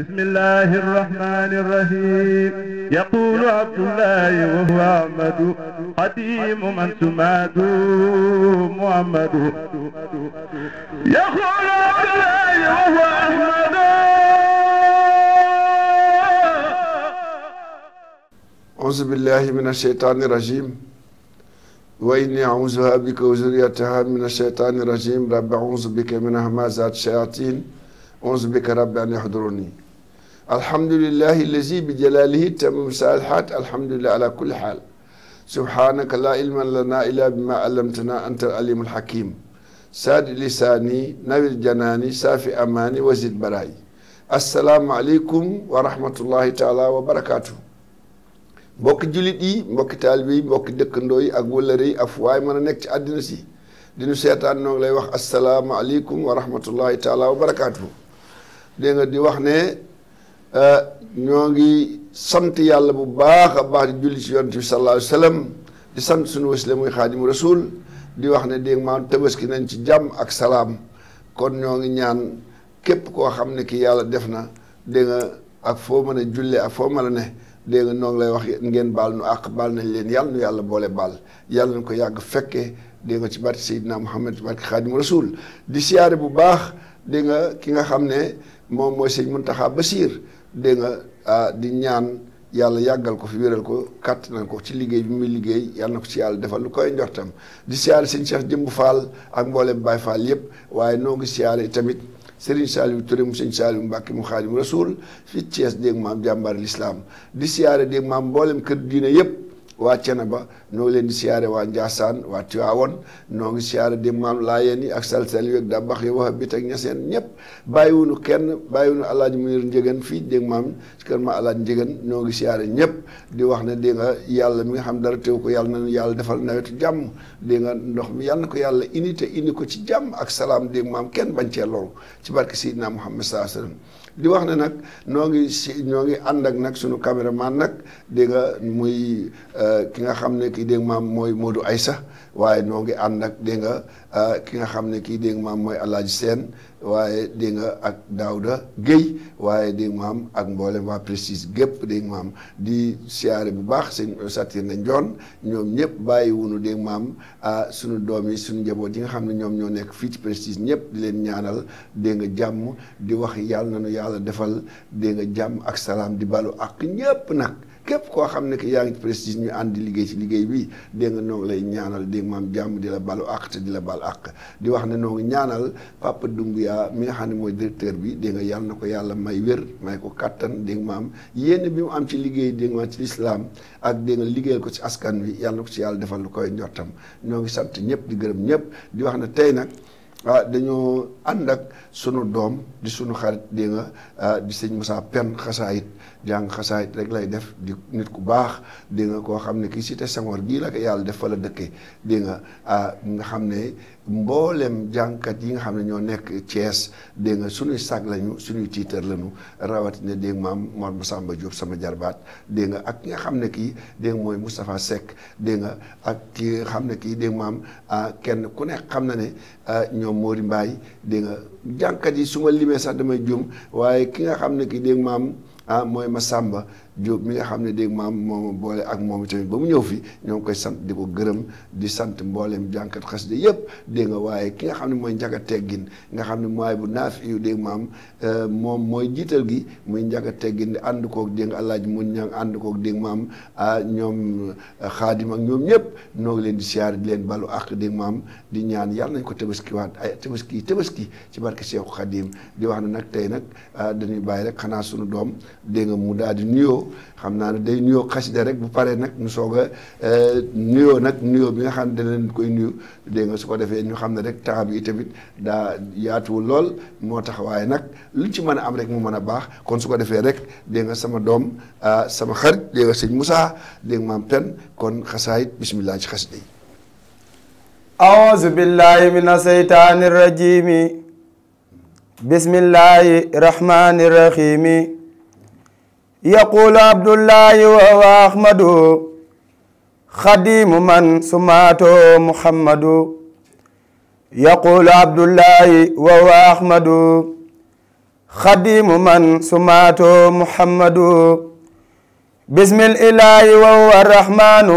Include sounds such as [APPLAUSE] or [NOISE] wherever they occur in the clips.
بسم الله الرحمن الرحيم يقول عبد الله وهو أحمد قديم من سماد محمد يقول عبد الله وهو أحمد أعوذ بالله من الشيطان الرجيم وإني أعوذها بك وزريتها من الشيطان الرجيم رب أعوذ بك من همازات الشياطين أعوذ بك رب أن يحضرني الحمد لله الذي بجلاله تم سالحات الحمد لله على كل حال سبحانك لا علم لنا إلا بما علمتنا أنت العليم الحكيم ساد لساني نور جناني سافي أماني وزد براي السلام عليكم ورحمة الله تعالى وبركاته mbokki jullit yi mbokki taalibe yi mbokki dëkkandoo yi ak wëllëre yi af waaye mën a nekk ci àddina si di seetaan noo lay wax asalaamaaleykum wa rahmatullahi taala wa barakaatu dégg nga di wax ne Eh, ñoo ngi sant yàlla bu baax a baax di julli ci yonent bi sallallahu di sant suñu wasila muy xaadimu rasul di wax ne dégg maam tabaski nañ ci jàmm ak salaam kon ñoo ngi ñaan képp koo xam ne ki yàlla def na dégg ak foo mën a julle ak foo mën a ne dégg nga lay wax ngeen baal nu àq baal nañ leen yàlla nu yàlla boole baal yàlla nañ ko yàgg fekkee dégg nga ci barke Seydina Muhammad ci barke Xaadimu Rasul di siyaare bu baax dégg nga ki nga xam ne moom mooy sëñ Muntaxa dégg nga di ñaan yàlla yàggal ko fi wéral ko kàttanal ko ci liggéey bi muy liggéey yàlla na ko ci yàlla defal lu koy njortam di siyaare sëñ Cheikh Jëmb faal ak mboolem Baye faal yëpp waaye noo ngi siyaare tamit Serigne Saliou Touré mu sëñ Saliou Mbacke mu Xaadimu Rasuul fi Thiès dégg maam jàmbaar l'islam di siyaare dégg maam mbooleem kër diine yëpp. wacana ba no len di siare wa Ndiassane wa tiawon no ngi siare di mam layeni ak sal sal yu ak dabax yi yu bit ak ñasen ñep bayiwunu kenn bayiwunu alaaji Munir Njëgan fii dégg maam keur ma alaaji Njëgan no ngi siare ñep di wax ne dégg nga yalla mi nga xam dara teew ko yalla nañu yalla defal nawet jam dégg nga ndox mi yalla ko yalla unité indi ko ci jam ak salam dégg mam kenn bañ ci loru ci barke Seydina Muhammad sallallahu alaihi wasallam di wax ne nak no ngi no ngi ak sunu caméraman dégg nga muy euh, ki nga xam ne kii dégg maam mooy Modou Aïssa waaye noo ngi ànd ak dégg nga euh, ki nga xam ne kii dégg maam mooy Alaaji Seen waaye dégg nga ak daawda Guèye waaye dégg maam ak mboole waa Prestige gépp dégg maam di siyaare bu baax seen satir na njoon ñoom ñëpp bàyyi wunu dégg maam euh, sunu doom yi suñu njaboot yi nga xam ne ñoom ñoo nekk fii ci Prestige ñëpp leen ñaanal dégg nga jàmm di wax yàlla nu yàlla defal dégg jàmm ak salaam di balu ak ñëpp nag kep ko xamne ne yaangi ngi prestige ñu andi di ci liggey bi de nga nok lay ñaanal de mam jamm di la balu ak te di la bal ak di wax ne no nga ñaanal Papa Doumbouya mi nga xamne moy directeur bi de nga yàlla nako yalla may wér may ko kattan mam yeen bi mu am ci liggey de nga ci islam ak de nga ko ci askan wi yàlla nako ci yalla defal lu koy njottam ñoo ngi sant ñep di gërem ñep di wax ne tay nak ah dañoo sunu di sunu xarit de nga ah, di musa pen jàng xasaayit rek lay def di nit ku baax di nga koo xam ne kii si te Senghor gii la ko yàlla def fa la dëkkee di nga ah, nga xam ne mboolem jàngkat yi nga xam ne ñoo nekk Thiès dégg nga suñuy sag lañu suñuy tiitar lañu rawatina dégg maam Mor Massamba Diop sama jarbaat dégg nga ak ki nga xam ne kii dégg mooy mustafa Seck dégg nga ak ki xam ne kii dégg maam ah, kenn ku nekk xam na ne ah, ñoom Mori mbaay dégg nga jàngkat yi su ma limee sax damay juum waaye ki nga xam ne kii dégg maam. ah mooy Massamba Diop mi nga xam ne dégg maam moom boole ak moom tamit ba mu ñëw fii ñoo ngi koy sant di ko gërëm di sant mbooleem jànkat xasida yëpp dégg nga waaye ki nga xam ne mooy njaga teggin nga xam ne mooy bu naaf yu dégg maam euh, moom mooy jiital gi muy njaga teggin di ànd koog dégg nga alaaji mun ñang ànd kook dégg maam ah ñoom euh, xaadim ak ñoom ñëpp noo leen di siyaar di leen balu ak dégg maam di ñaan yàlla nañ ko tëbaskiwaat ay tëbaski tëbaski ci barke Seexu Xaadim di wax ne nag tey nag euh, dañuy bàyyi rek xanaa suñu doom dégg nga mu xam naa ne day nuyoo xasida rek bu paree nag ñu soog a euh, nuyoo nag nuyoo bi nga xam ne dana leen koy nuyu dégg nga su ko defee ñu xam ne rek temps bi tamit daa yaatuwul lool moo tax waaye nag luñ ci mën a am rek mu mën a baax kon su ko defee rek dégg nga sama doom euh, sama xarit dégg nga sëñ Moussa dégg nga maam Pène kon xasaayit bismillah ci xasida yi أعوذ بالله من الشيطان الرجيم بسم الله الرحمن يقول عبد الله وهو أحمد خديم من سماته محمد يقول عبد الله وهو أحمد خديم من سماته محمد بسم الإله وهو الرحمن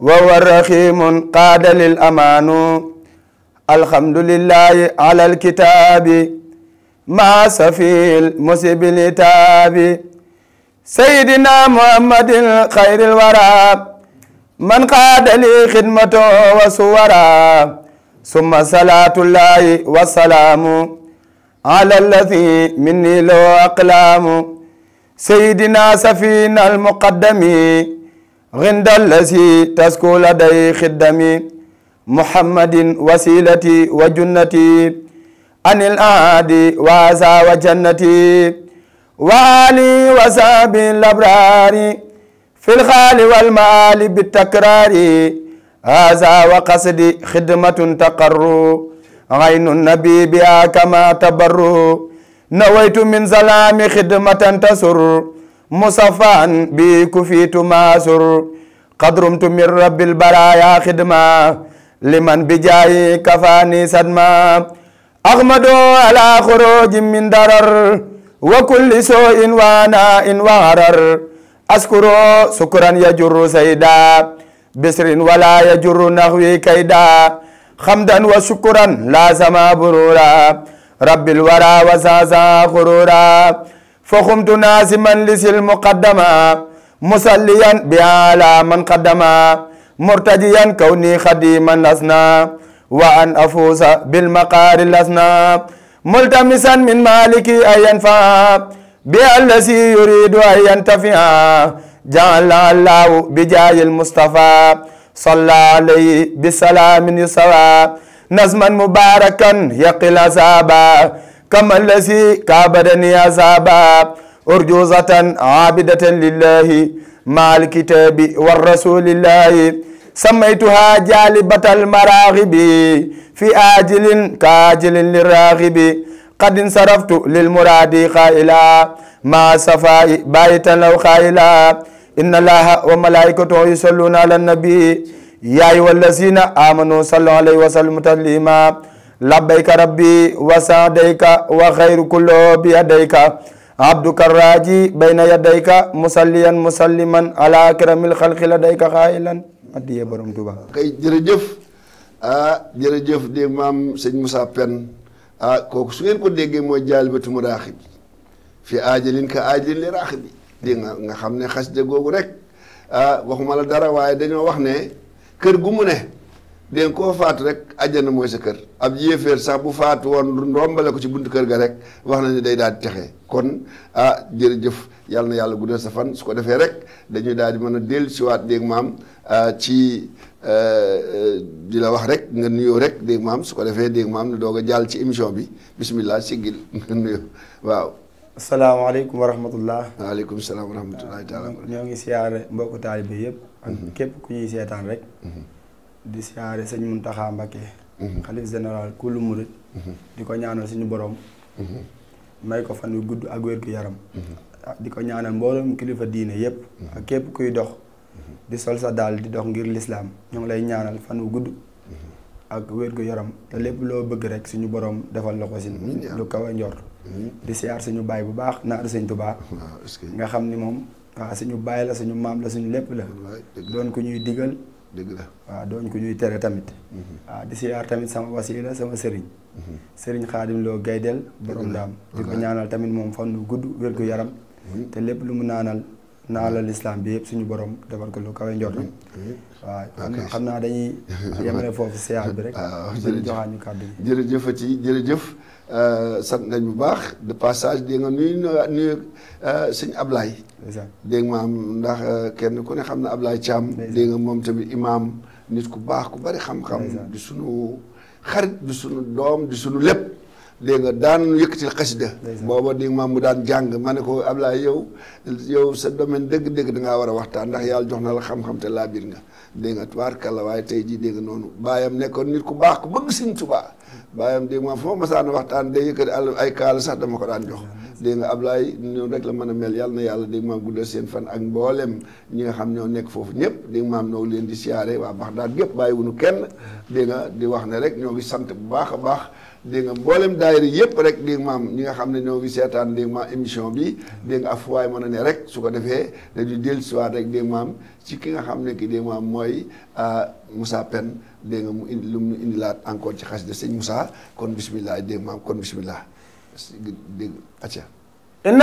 وهو الرحيم قاد للأمان الحمد لله على الكتاب ما سفيل المسب لتاب سيدنا محمد خير الورى من قاد لي خدمته وصورا ثم صلاة الله والسلام على الذي مني لو أقلام سيدنا سفين المقدم غند الذي تسكو لدي خدمي محمد وسيلتي وجنتي عن الأدي وزا وجنتي وآلي وصحب الأبرار في الخال والمآل بالتكرار هذا وقصدي خدمة تقر عين النبي بها كما تبر نويت من ظلام خدمة تسر مصفا بكفيت ماسر قد رمت من رب البرايا خدمة لمن بجاي كفاني صدمة أغمدوا على خروج من درر وكل سوء وانا إن وهرر أذكروا سكرا يجر سيدا بسر ولا يجر نغوي كيدا خمدا وشكرا لازم برورا رب الورى وزازا غرورا فخمت نازما لسي المقدمة مسليا بها من قدما مرتجيا كوني خديما لسنا وأن أفوز بالمقار الأسنى ملتمسا من مالكي أن ينفع بالذي يريد أن ينتفع جعل الله بجاه المصطفى صلى عليه بسلام يسوى نزما مباركا يقل عذابا كما الذي كابدني عذابا أرجوزة عابدة لله مع الكتاب والرسول الله سميتها جالبة المراغب في آجل كاجل للراغب قد انصرفت للمراد قائلا ما صفاء بايتا لو قائلا إن الله وملائكته يصلون على النبي يا أيها الذين آمنوا صلوا عليه وسلموا تسليما لبيك ربي وسعديك وخير كله بيديك عبدك الراجي بين يديك مسليا مسلما على أكرم الخلق لديك خائلا addiyee borom Touba. kay jërëjëf ah jërëjëf di maam sëñ Moussa Penn ah kooku su ngeen ko déggee mooy jaalibatu mu raaxi bi fi aajalin ka aajalin li raaxi bi dégg nga nga xam ne xasida googu rek ah waxuma la dara waaye dañoo wax ne kër gu mu ne dégg koo faat rek àjjana mooy sa kër ab yéeféer sax bu faatu woon ndombale ko ci buntu kër ga rek wax nañu day daal di texe kon ah jërëjëf. Yal na yàlla guddal sa fan su ko defee rek dañuy daal di mëna del ci siwaat dégg maam ah, ci ah, ah, di la wax rek nga nuyo rek dégg maam su ko defee dégg maam do nga jall ci émission bi bismillah sigil nuyo waaw assalamu alaykum wa rahmatullah alaykum assalam wa rahmatullah taala ñoo ngi siyaare mbokk talibé yépp ak mhm. képp ku ñuy sétan rek mhm. di siyaare sëñ Muntaxa Mbakke khalif mhm. général kulu Murid diko ñaanal suñu borom may ko fan yu gudd ak wér yaram Ah, di ko ñaanal mbooloom kilifa diine yépp mhm. ak képp kuy dox mhm. di sol sa daal di dox ngir lislaam ñoo ngi lay ñaanal fan wu gudd mhm. ak wér gu yaram te lépp loo bëgg rek suñu boroom defal la ko si lu kaw a njor di siyaar suñu baay bu baax naaru sëñ Tuubaa nga xam ni moom waaw suñu baay la suñu maam la suñu lépp la doon ku ñuy digal dëgg la waaw doon ku ñuy tere tamit waaw di siyaar tamit sama wasiila sama sëriñ sëriñ Xaadim loo Gaydel borom daam di ko ñaanal tamit moom fan gudd wér yaram Mm-hmm. te lépp lu mu naanal naalal islam bi yëpp suñu boroom defal ko lu kawe njortam. Mm-hmm. waaw mm-hmm. xam naa dañuy. [LAUGHS] yemale foofu siyaar bi rek. waaw ah, jërëjëf joxaat ñu jërëjëf ci jërëjëf euh, sant nañ bu baax de passage di nga nuyu nuyu euh, sëñ Ablaye. dégg maam ndax euh, kenn ku ne xam na Ablaye Thiam. dégg nga moom tamit imaam nit ku baax ku bari xam-xam. di sunu xarit di sunu doom di sunu lépp. dégg nga daan yëkkatil xasida booba dégg maam mu daan jàng ma ne ko Ablaye yow yow sa domaine dëgg-dëgg da ngaa war a waxtaan ndax yàlla jox na la xam-xam te laa biir nga dégg nga tubaarkàlla waaye tey jii dégg noonu baayam nekkoon nit ku baax ku bëgg Sëñ Tuubaa baayam dégg maam foo masaan waxtaan day yëkkati ay kaala sax dama ko daan jox dégg nga Ablaye ñoom rek la mën a mel yàlla na yàlla dégg maam guddal seen fan ak mboolem ñi nga xam ñoo nekk foofu ñëpp dégg maam noo leen di siyaare waa Baxdaad gépp bàyyi wu nu kenn dégg nga di wax ne rek ñoo ngi sant bu baax a baax dégg nga mboolem daayira yëpp rek dégg maam ñi nga xam ne ñoo ngi seetaan dégg maam émission bi dégg nga af waay mën a ne rek su ko defee dañuy dellusiwaat rek dégg maam ci ki nga xam ne ki dégg maam mooy euh, Moussa Penn dégg nga mu indi lu mu indilaat encore ci xas de sëñ Moussa kon bismillah dégg maam kon bismillah dégg acca إن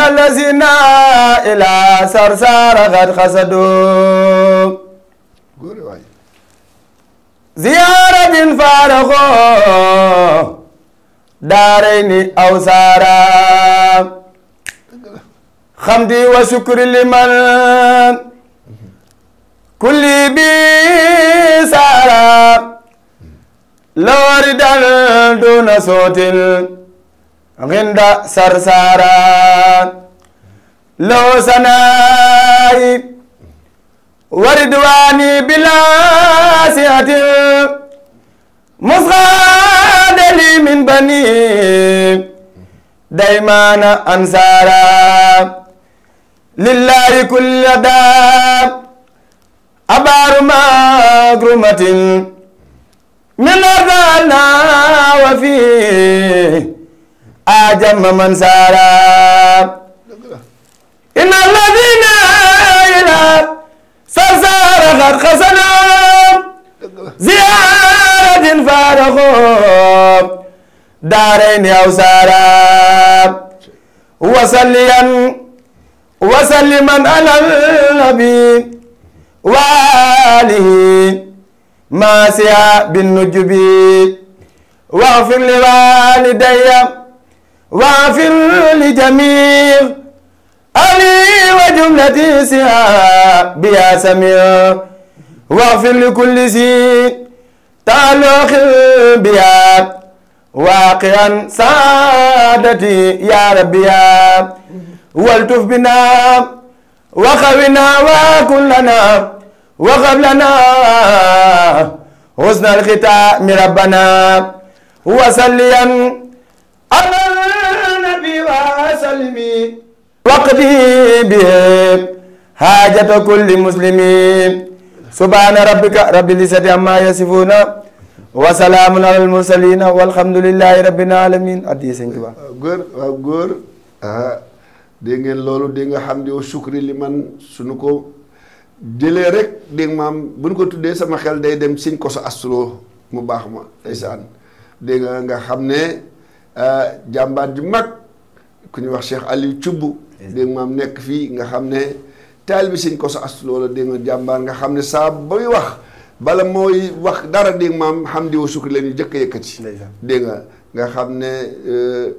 داريني أو سارا خمدي وشكر لمن كل بي سارا لوردا دون صوت عند سرسارا لو سناي وردواني بلا سيات مصغر لي من بني دائما أنصارا لله كل داب أبار مغرمة من أرضنا وفي أجم من سارا إن الذين إلى سرسار قد خسنا زيارة فارغون دارين يا وسارا وصليا وسلما على النبي وآله ما سيا بالنجب واغفر لوالدي واغفر لجميع علي وجملة سيا بيا سميع واغفر لكل سيء تعلق بها واقعا سعادتي يا ربي يا والتف بنا وخونا وكلنا وقبلنا حسن الختام ربنا وسليا على النبي وسلم وقضي به حاجة كل مسلم سبحان ربك رب العزة عما يصفون wa salaamun alal mursaliin walhamdulillahi rabbil alamin adi sëñ ba eh, góor waaw eh, góor ah eh, de ngeen loolu de nga xamdi o oh, shukri liman sunu ko dele rek de mam buñ ko tuddé sama xel day dem sëñ Koso Aslo mu bax ma eysan de nga nga xamné ne jambar ju mak ku ñu wax Cheikh ali Cubb de mam nek fi nga xamné Aslo la de nga jambar nga xamné sa wax bala mooy wax dara dégg nga maam xam di wa sukri la ñu jëkk a yëkkati dégg nga nga xam ne euh,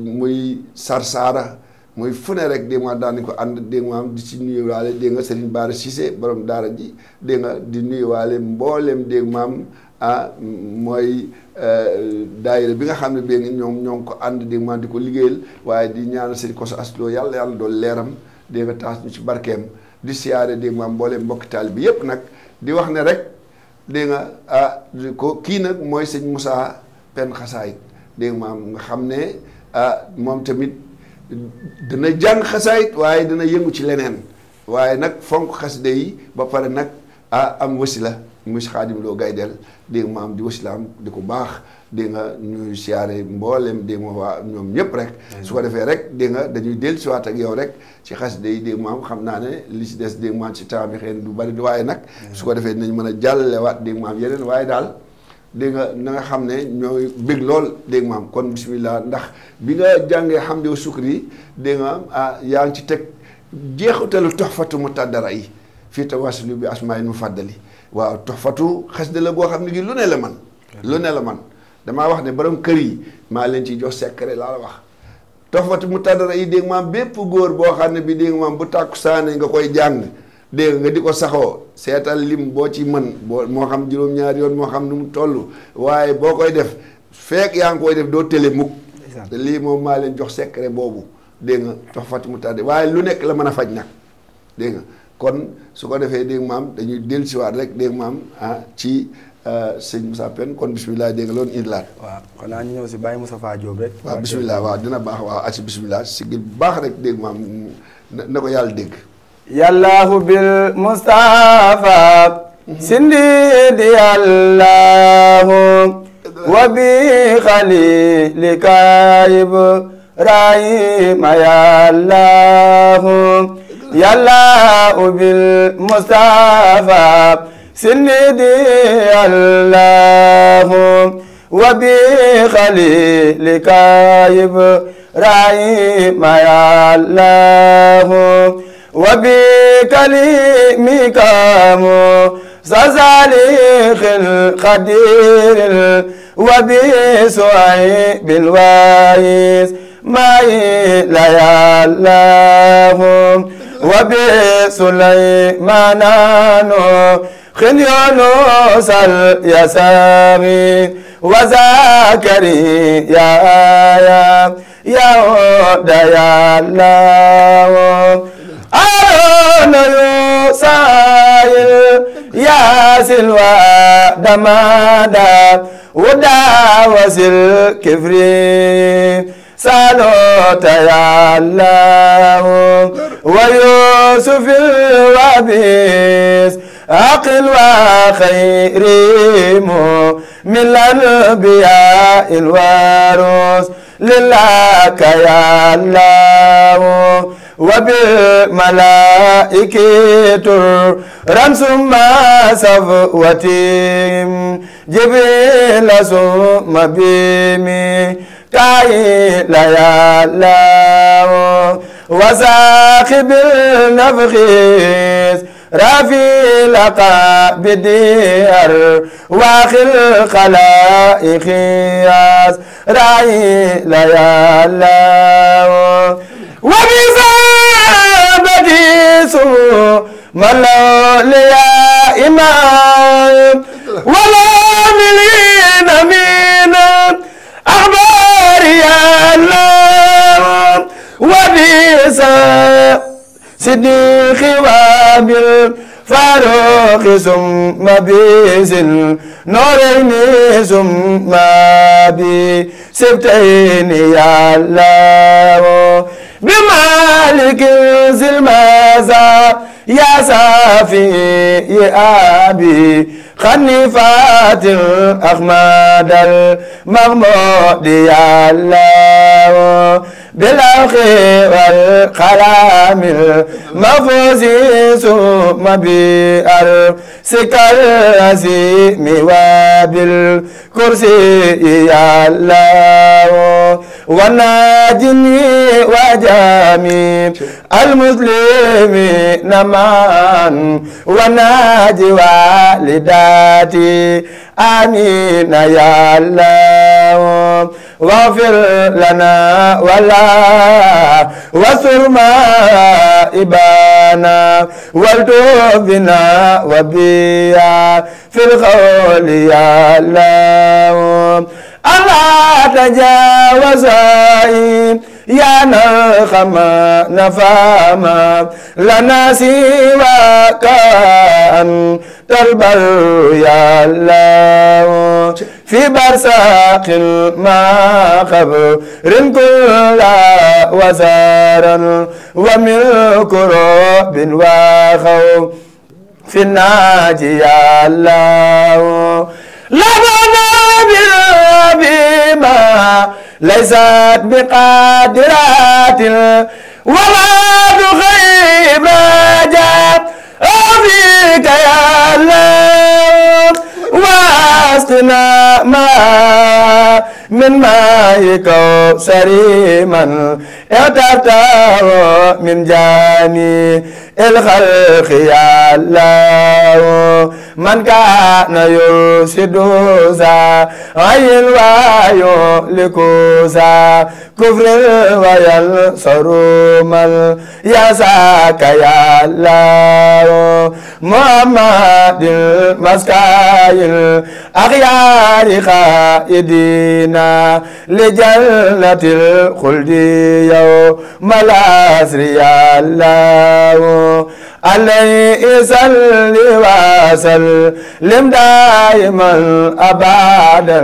muy sarsaara muy fune rek dégg nga daan ko ànd dégg nga maam di ci nuyuwaale nga Serigne Bara Cissé borom daara ji dégg nga di nuyuwaale mbooleem dégg maam ah mooy euh, daayira bi nga xam ne bee ngi ñoom ñoo ko ànd dégg maam di ko liggéeyal waaye di ñaanal Serigne Kosso Astou yàlla yàlla doon leeram dégg nga taas ñu ci barkeem di siyaare dégg maam mbooleem mbokki taal bi yépp nag di wax ne rek dégg nga ah ko kii nag mooy sëñ Moussa Pène xasaayit dégg nga maam nga xam ne ah moom tamit dana jàng xasaayit waaye dana yëngu ci leneen waaye nag fonk xaside yi ba pare nag ah am wasila muy Xaadim Lo Gaydel dégg nga am di la am di ko baax dégg nga ñuy siyaare mbooleem dégg nga waa ñoom ñëpp rek su ko defee rek dégg nga dañuy dellu siwaat ak yow rek ci xas day dégg maam xam naa ne li si des dégg maam ci temps bi xëy du bari du waaye nag su ko defee nañ mën a jàllalewaat dégg maam yeneen waaye daal dégg nga na xam ne ñooy bég lool dégg kon bismillah ndax bi nga jàngee xam dew sukri dégg ah yaa ngi ci teg jeexutalu toxfatu mu tàddara yi fii tawasulu bi asmaa mu fàddali waaw toxfatu xas de la goo xam ne gi lu ne la man lu ne la man dama wax ne borom kër yi maa leen ci jox secret laa la wax tofatu mu tàddara yi dégg maam bépp góor boo xam ne bi dégg maam bu tàkku saane nga koy jàng dégg nga di ko saxoo seetal lim boo ci mën boo moo xam juróom-ñaari yoon moo xam nu mu toll waaye boo def fek yaa ngi koy def doo tële mukk te lii moom maa leen jox secret boobu dégg nga tofatu mu tàddara waaye lu nekk la mën faj nag dégg nga kon su ko defee dégg maam dañuy dellusiwaat rek dégg maam ah ci Euh, sëñ Moussa Pène kon bisimilah dégg nga loolu indilaat. waaw xanaa ñu si Baye Moustapha Diop rek. waaw bisimilah dina baax waaw ak si bisimilah baax rek dégg maam na ko yàlla dégg. yàllaahu bil Moustapha. Mhm. sindi di yàllaahu. wa bi xalilika Ibrahima yàllaahu. yàllaahu bil Moustapha. سندي الله وبخليلك إبراهيم يا الله وبكلمك سزاليخ الخدير وبسعيب الوايس ما ليالهم وبسليمان خن يونس اليساري وزكريا يا يهود يا الله أرون يسائل يا سلوى دمادا ودا وسل كفري صلوت يا الله ويوسف الوابيس أقل وخير من الأنبياء الوارث لله يا الله وبالملائكة رمس ما صفوتهم جبريل ثم بيمي كاي لا يا الله وساخب النفخ رفي العقاب ديار واخي الخلائق ياس راعي ليالا وبيزا سوء ملو ليا إمام ولا ملين مينا أخبار يا الله وبيزا صديق وابل فاروق ثم بذي النورين ثم بسبتين يا الله بمالك ذي يا صافي يا أبي خنفات أحمد المغمود يا الله بالأخ والخلام المفوزي ثم بأرسك العزيم وبالكرسي يا الله وناجني وجميع المسلمين معا وناجي والداتي آمين يا الله واغفر لنا ولا ما إبانا والتوبنا وبيا في الخول يا الله ألا تجاوزين يا نخما نفاما لنا سواك أن تربى يا الله في برساق ما خبر كل وزارا ومن كرب وخو في الناجي الله لبنا بما ليست بقادرات ولا تخيب جات أفيك واسقنا ماء من مائك سريما اعتبته من جاني الخلق يا الله من كان يرشد ذا عين ويهلك ذا كفر وينصر من يساك يا الله محمد المسكاي الأخيار خائدين لجنة الخلد يوم العصر يا الله عليه سل وسلم دائما أبدا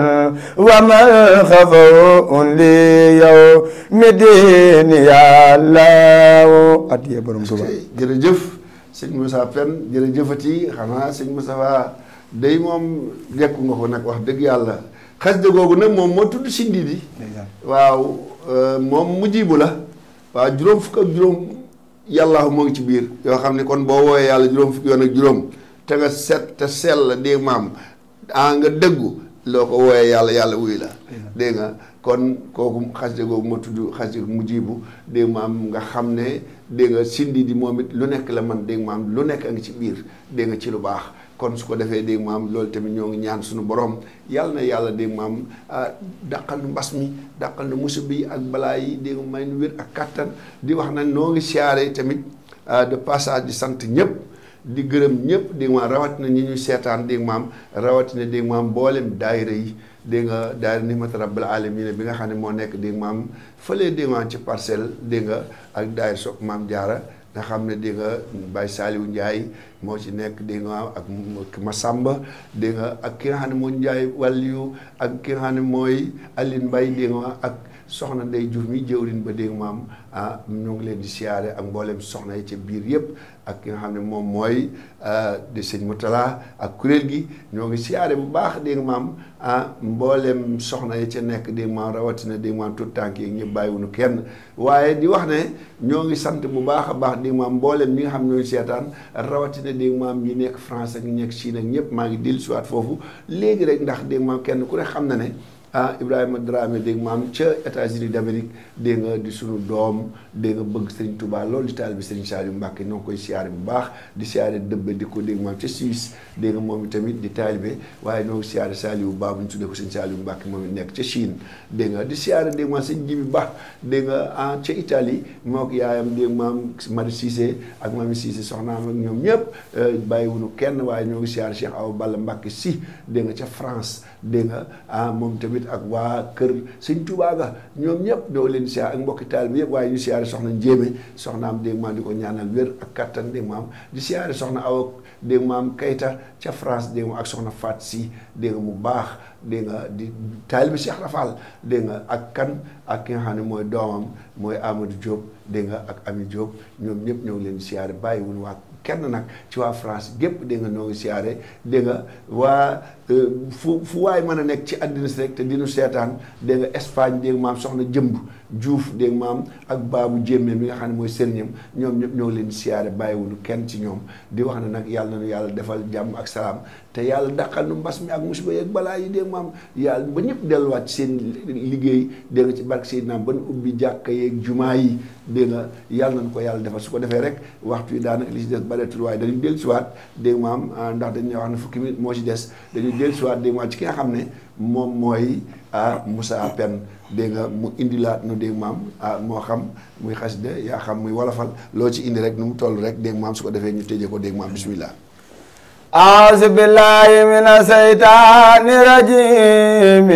ومن خفو لي يوم الدين يا الله أتي برم سبا jërëjëf sëñ Moussa Pène jërëjëfati xanaa sëñ Moussa day moom lekku nga ko nag wax dëgg yàlla xasida googu nag moom moo tudd Sindidi waaw moom mujjibu la waaw juróom fukk ak juróom yàllaahu moo ngi ci biir yoo xam ne kon boo woowee yàlla juróom fukki yoon ak juróom te nga set te sell di maam a ah nga dégg loo ko wooyee yàlla yàlla wuy la dégg nga kon kooku go googu ma tudd mu mujibu dégg maam nga xam ne dégg nga sindi di moom it lu nekk la man dégg maam lu nekk a ngi ci biir dégg nga ci lu baax kon su ko defee dégg maam loolu tamit ñoo ngi ñaan suñu borom yàlla na yàlla dégg maam dàqal nu mbas mi dàqal nu musiba yi ak balaa yi dégg may ak kàttan di wax nag noo ngi tamit de passage di sant ñëpp di gërëm ñëpp dégg maam rawatina ñi ñu seetaan dégg maam rawatina dégg maam mboolem daayira yi dégg nga daayira Nimatu Rabbil Aalamiin bi nga xam ne moo nekk dégg maam fële dégg maam ci parcelle dégg nga ak daayira soog maam jaara nga kami di nga bay saliw ndjay mo ci nek di nga ak kima akhiran di nga ak ki nga xamne mo ndjay waliyu moy aline bay di nga soxna ndey Diouf mi jëwrin ba dégg maam ah ñoo ngi leen di siyaare ak mbooleem soxna yi ca biir yëpp ak ki nga xam ne moom mooy de mu talaa ak kuréel gi ñoo ngi siyaare bu baax dégg maam ah mbooleem soxna yi ca nekk dégg maam rawatina dégg maam tout tànk yi ñëpp bàyyiwuñu kenn waaye di wax ne ñoo ngi sant bu baax a baax dégg maam mbooleem ñi nga xam ñooy seetaan rawatina dégg maam ñi nekk France ak ñi nekk Chine ak ñëpp maa ngi dellusiwaat foofu léegi rek ndax dégg kenn ku ne xam na ne ah Ibrahima Dramé dégg nga maam ca États-Unis d'Amérique dégg nga di sunu doom dégg nga bëgg Serigne Touba loolu di taal bi Serigne Saliou Mbacké ñoo ngi koy siyaare bu baax di siyaare dëbbe di ko dégg nga maam ca Suisse dégg moom tamit di taalibe waaye ñoo ngi siyaare Saliou Ba bu ñu tuddee ko Serigne Saliou Mbacké moom it nekk ca Chine dégg nga di siyaare dégg nga maam Serigne Djibi Ba dégg nga ah ca Italie moo ko yaayam dégg nga maam Marie Cissé ak maam Cissé soxnaam ak ñoom ñëpp bàyyiwunu kenn waaye ñoo ngi siyaare aw Awa Balla Mbacké si dégg nga ca France dégg nga ah moom tamit ak waa kër sëñ Tuubaa ga ñoom ñëpp ñoo leen siyaar ak mbokki taal bi yëpp waaye ñu siyaare soxna Njéeme soxnaam dégg maam di ko ñaanal wér ak kattan dégg maam di siyaare soxna Awa dégg maam Kayta ca France dégg nga ak soxna Faat Si dégg nga mu baax dégg nga di taal bi Cheikh ak kan ak ki nga xam ne mooy doomam mooy Amadou Diop dégg nga ak Ami Diop ñoom ñëpp ñoo leen di siyaare bàyyiwul waa kenn nag ci waa France gépp dégg nga ñoo ngi siyaare dégg nga waa euh, fu fu waay mën a nekk ci àddina si rek te dinu seetaan dégg Espagne dégg maam soxna jëmb Diouf dégg maam ak Baabu Jéeme mi nga xam ne mooy sëriñam ñoom ñëpp ñoo leen di siyaare bàyyiwuñu kenn ci ñoom di wax ne nag yàlla na yàlla defal jàmm ak salaam te yàlla daqal nu mbas mi ak musiba yeeg balaa yi dégg yàlla ba ñëpp delluwaat seen liggéey ak sayyidina ban ubbi jàkka ak jumaayi yi dégg nga yalla nañ ko yàlla defal su ko defee rek waxtu daana li ci balé tour way dañu del ci wat de maam ah, ndax ñu wax ne fukki minute moo ci dess dañu del ci wat de ma ci ki nga xamné mom moy a ah, musa pen de nga mu la nu de maam a ah, mo xam muy xasida ya xam muy wolofal lo ci indi rek nu mu toll rek de maam su ko defee ñu tëjee ko de maam bismillah أعوذ بالله من الشيطان الرجيم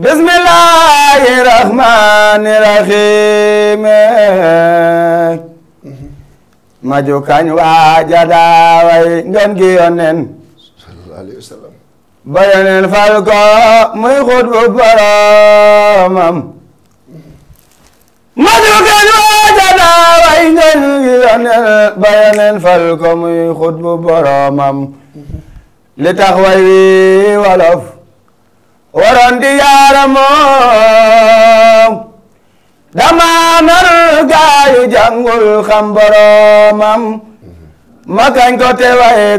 بسم الله الرحمن الرحيم ma jukañ waaja daaway ngeen gi yonen sallallahu alayhi wa sallam ba yonen fal ko muy xut bu boromam ma jukañ waaja daaway ngeen gi yonen ba yonen fal ko muy xut bu boromam li tax way wi wolof waroon di yaaramoo dama mar gaayu jàngul xam boroomam ma kañ ko te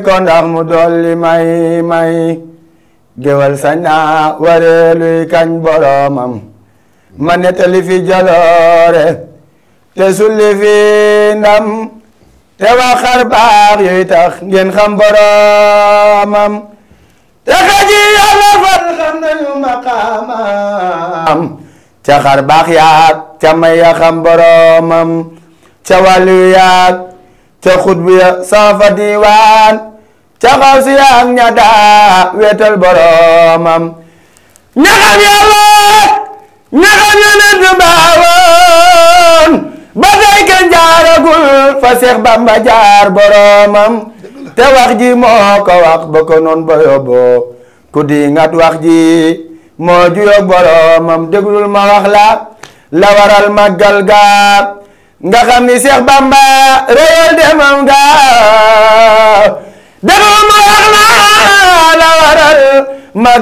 ko ndax mu dolli may may géwal sañ naa kañ boroomam ma nettali fi jaloore te sulli ndam te wax xar yuy tax ngeen xam boroomam te xaji yàlla far xam nañu maqaamam ca xar baax yaag ca may ya xam boroomam ca wàllu yaag ca xutbu ya safa diwaan ca xaw si ña daa weetal boroomam ña xam yàlla ña xam yonent baawoon ba tey kenn jaaragul fa Seex Bamba jaar boroomam te wax ji moo ko wax ba ko non ba yobbo ku di ngat wax ji moo juyoog ya boroomam déglul ma wax la la waral gal ga nga xamni ni bamba Bamba de mam ga déglul ma wax la la waral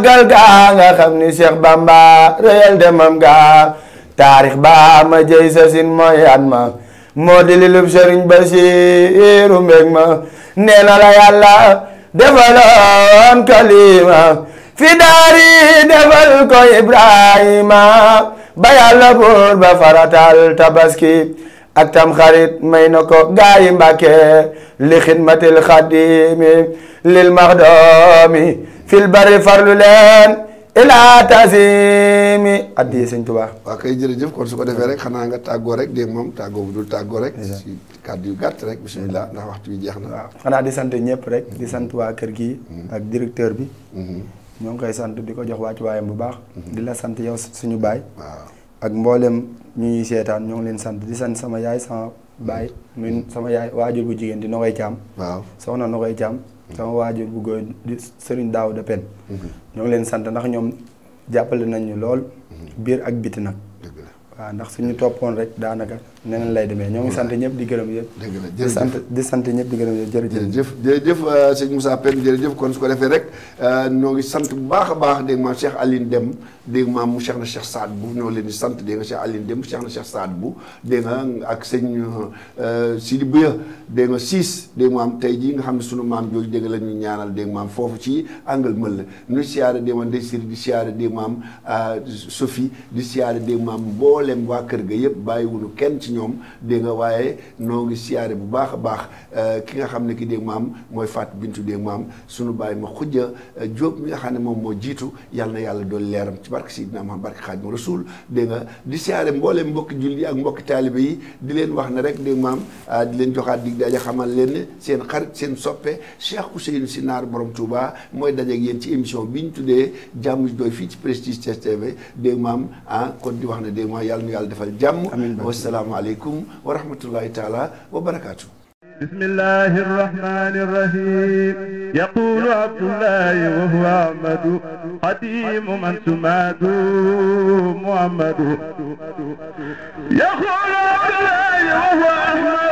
gal ga nga xamni ni bamba Bamba de mam ga tarikh ba ma jëy sa sin an ma modeli lu serigne Sëriñ Basiiru ma nee na la yàlla defaloon kalima fi daari defal ko ibrahima ba yàlla buur faratal tabaski ak tam xarit may na ko gaayi mbàkke li xidmatil xadimi lil maxdoomi fil bari farlu leen ilaa tasimi addi sëñ Tuubaa waaw kay jërëjëf kon su ko defee rek xanaa nga tàggoo rek dé moom tàggoo bu dul tàggoo rek kàddu yu gàtt rek bisimilah ndax waxtu bi jeex na. waaw xanaa di sant ñëpp rek di sant waa kër gi. Mm-hmm. ak directeur bi. Mm-hmm. ñoo ngi koy sant di ko jox wàccu waayam bu baax. Mm-hmm. di la sant yow suñu baay. ak mboolem ñu ñuy seetaan ñoom leen sant di sant sama yaay sama baay. muy sama yaay waajur bu jigéen di Nogoy caam waaw soxna Nogoy Thiam. sama waajur bu góor di Serigne Daouda Pen. ñoo leen sant ndax ñoom jàppale nañ ñu lool. biir ak biti nag. waa ndax suñu toppoon rek daanaka. neneen lay demee ñoo ngi sant ñëpp di gërëm yëpp. dëgg la jërëjëf di sant di sant ñëpp di gërëm yëpp jërëjëf. jërëjëf jërëjëf sëñ Moussa Pène jërëjëf kon su ko defee rek ñoo ngi sant bu baax a baax dégg nga Cheikh Aline Dem dégg nga mu Cheikh na Cheikh Saad bu ñoo leen di sant dégg nga Cheikh Dem Cheikh na Cheikh Saad bu dégg nga ak sëñ Sidi Buya dégg nga siis dégg nga am tey jii nga xam ne sunu maam jooju dégg la ñu ñaanal dégg nga foofu ci angal mël ñu siyaare dégg nga Ndey Siri di siyaare dégg nga am Sophie di siyaare dégg nga am mboolem waa kër ga yëpp bàyyiwunu kenn ci si ñoom dégg nga waaye noo ngi siyaare bu baax a baax euh, ki nga xam ne ki dégg maam mooy Fatou Bintou dégg maam sunu bàyyi ma xujja euh, Diop mi nga xam ne moom moo jiitu yàlla na yàlla doon leeram ci barke Sidina Muhammad barke Xaadimu Rasuul dégg nga di siyaare mbooleem mbokki julli ak mbokki taalibe yi di leen wax ne rek dégg maam euh, di leen joxaat dig daje xamal leen ne seen xarit seen soppe Cheikh Ousseynou Sy Naar borom Touba mooy dajeeg yéen ci émission bi ñu tuddee jàmm ji fii ci Prestige TV dégg maam ah kon di wax ne dégg maam yàlla nu yàlla defal jàmm wasalaamaaleykum alaikum wa rahmatullahi ta'ala wa barakatuh بسم الله الرحمن الرحيم يقول عبد الله وهو عمد قديم من سماد محمد يقول عبد الله وهو أحمد